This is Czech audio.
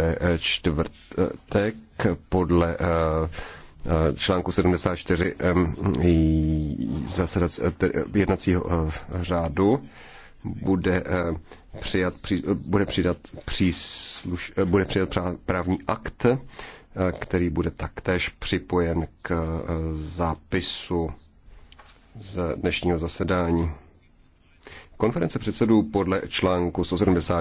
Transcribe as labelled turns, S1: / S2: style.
S1: ve eh, čtvrtek podle eh, eh, článku 74 zasedac, jednacího řádu bude přijat, bude přidat přísluš, bude přijat právní akt, který bude taktéž připojen k zápisu z dnešního zasedání. Konference předsedů podle článku